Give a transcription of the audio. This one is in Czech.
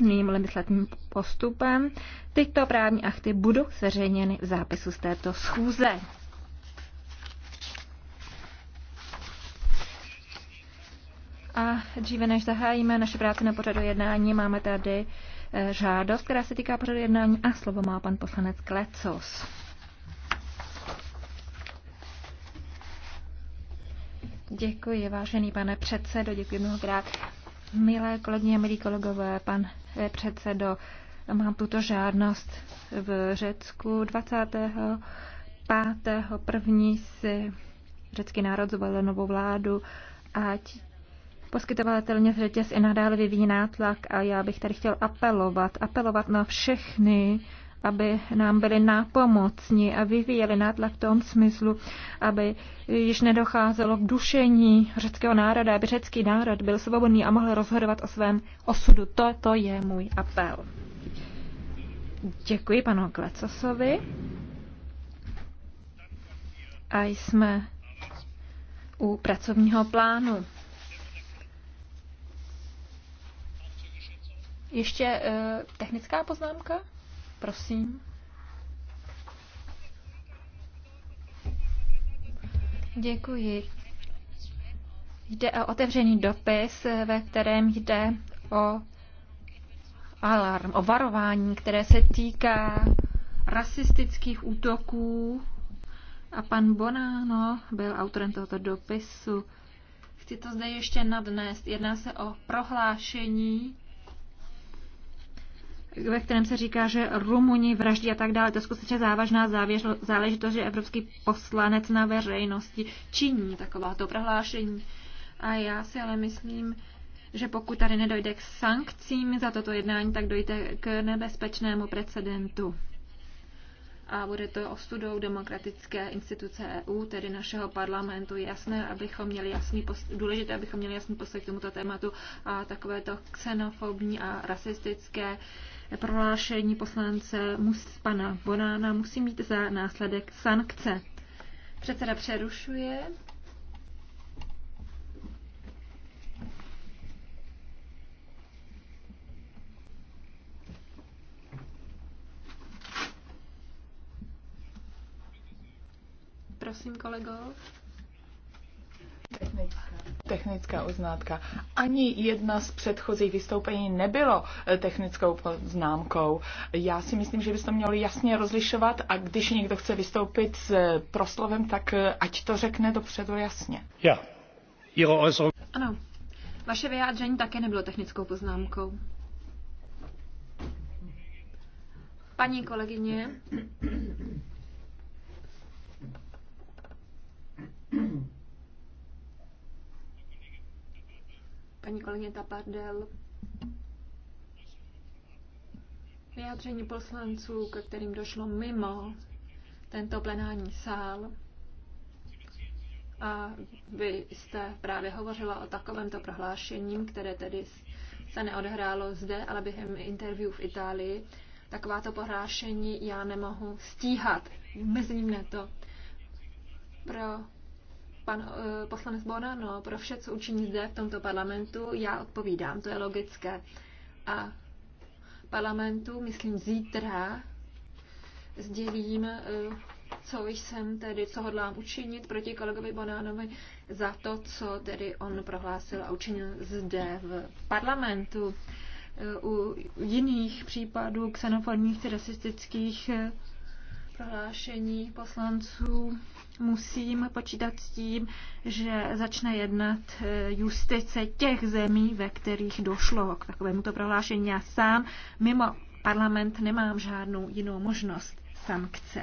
mým legislativním postupem. Tyto právní akty budou zveřejněny v zápisu z této schůze. A dříve než zahájíme naše práce na pořadu jednání, máme tady eh, žádost, která se týká pořadu jednání a slovo má pan poslanec Klecos. Děkuji, vážený pane předsedo, děkuji mnohokrát. Milé kolegyně, milí kolegové, pan předsedo. Mám tuto žádnost v Řecku 25. první si řecký národ zvolil novou vládu, ať poskytovatelně řetěz i nadále vyvíjí nátlak a já bych tady chtěl apelovat, apelovat na všechny aby nám byli nápomocní a vyvíjeli nátlak v tom smyslu, aby již nedocházelo k dušení řeckého národa, aby řecký národ byl svobodný a mohl rozhodovat o svém osudu. To, to je můj apel. Děkuji panu Klecosovi. A jsme u pracovního plánu. Ještě uh, technická poznámka? Prosím. Děkuji. Jde o otevřený dopis, ve kterém jde o alarm, o varování, které se týká rasistických útoků. A pan Bonano byl autorem tohoto dopisu. Chci to zde ještě nadnést. Jedná se o prohlášení ve kterém se říká, že Rumuni vraždí a tak dále. To je skutečně závažná závěř, záležitost, že evropský poslanec na veřejnosti činí takováto prohlášení. A já si ale myslím, že pokud tady nedojde k sankcím za toto jednání, tak dojde k nebezpečnému precedentu a bude to ostudou demokratické instituce EU, tedy našeho parlamentu. Jasné, abychom měli jasný post- důležité, abychom měli jasný postoj k tomuto tématu a takovéto xenofobní a rasistické prohlášení poslance mus, pana Bonána musí mít za následek sankce. Předseda přerušuje. prosím, kolego. Technická. Technická uznátka. Ani jedna z předchozích vystoupení nebylo eh, technickou poznámkou. Já si myslím, že byste měli jasně rozlišovat a když někdo chce vystoupit s eh, proslovem, tak eh, ať to řekne dopředu jasně. Já. Jeho äußerung. Ano. Vaše vyjádření také nebylo technickou poznámkou. Paní kolegyně, paní kolegyně Tapardel. Vyjádření poslanců, ke kterým došlo mimo tento plenární sál. A vy jste právě hovořila o takovémto prohlášení, které tedy se neodhrálo zde, ale během interview v Itálii. Takováto prohlášení já nemohu stíhat. Mezním ne to. Pro pan eh, poslanec Bonano, pro vše, co učiní zde v tomto parlamentu, já odpovídám, to je logické. A parlamentu, myslím zítra, sdělím, eh, co jsem tedy, co hodlám učinit proti kolegovi Bonánovi za to, co tedy on prohlásil a učinil zde v parlamentu. Eh, u jiných případů xenofobních, rasistických prohlášení poslanců musím počítat s tím, že začne jednat eh, justice těch zemí, ve kterých došlo k takovémuto prohlášení. Já sám mimo parlament nemám žádnou jinou možnost sankce.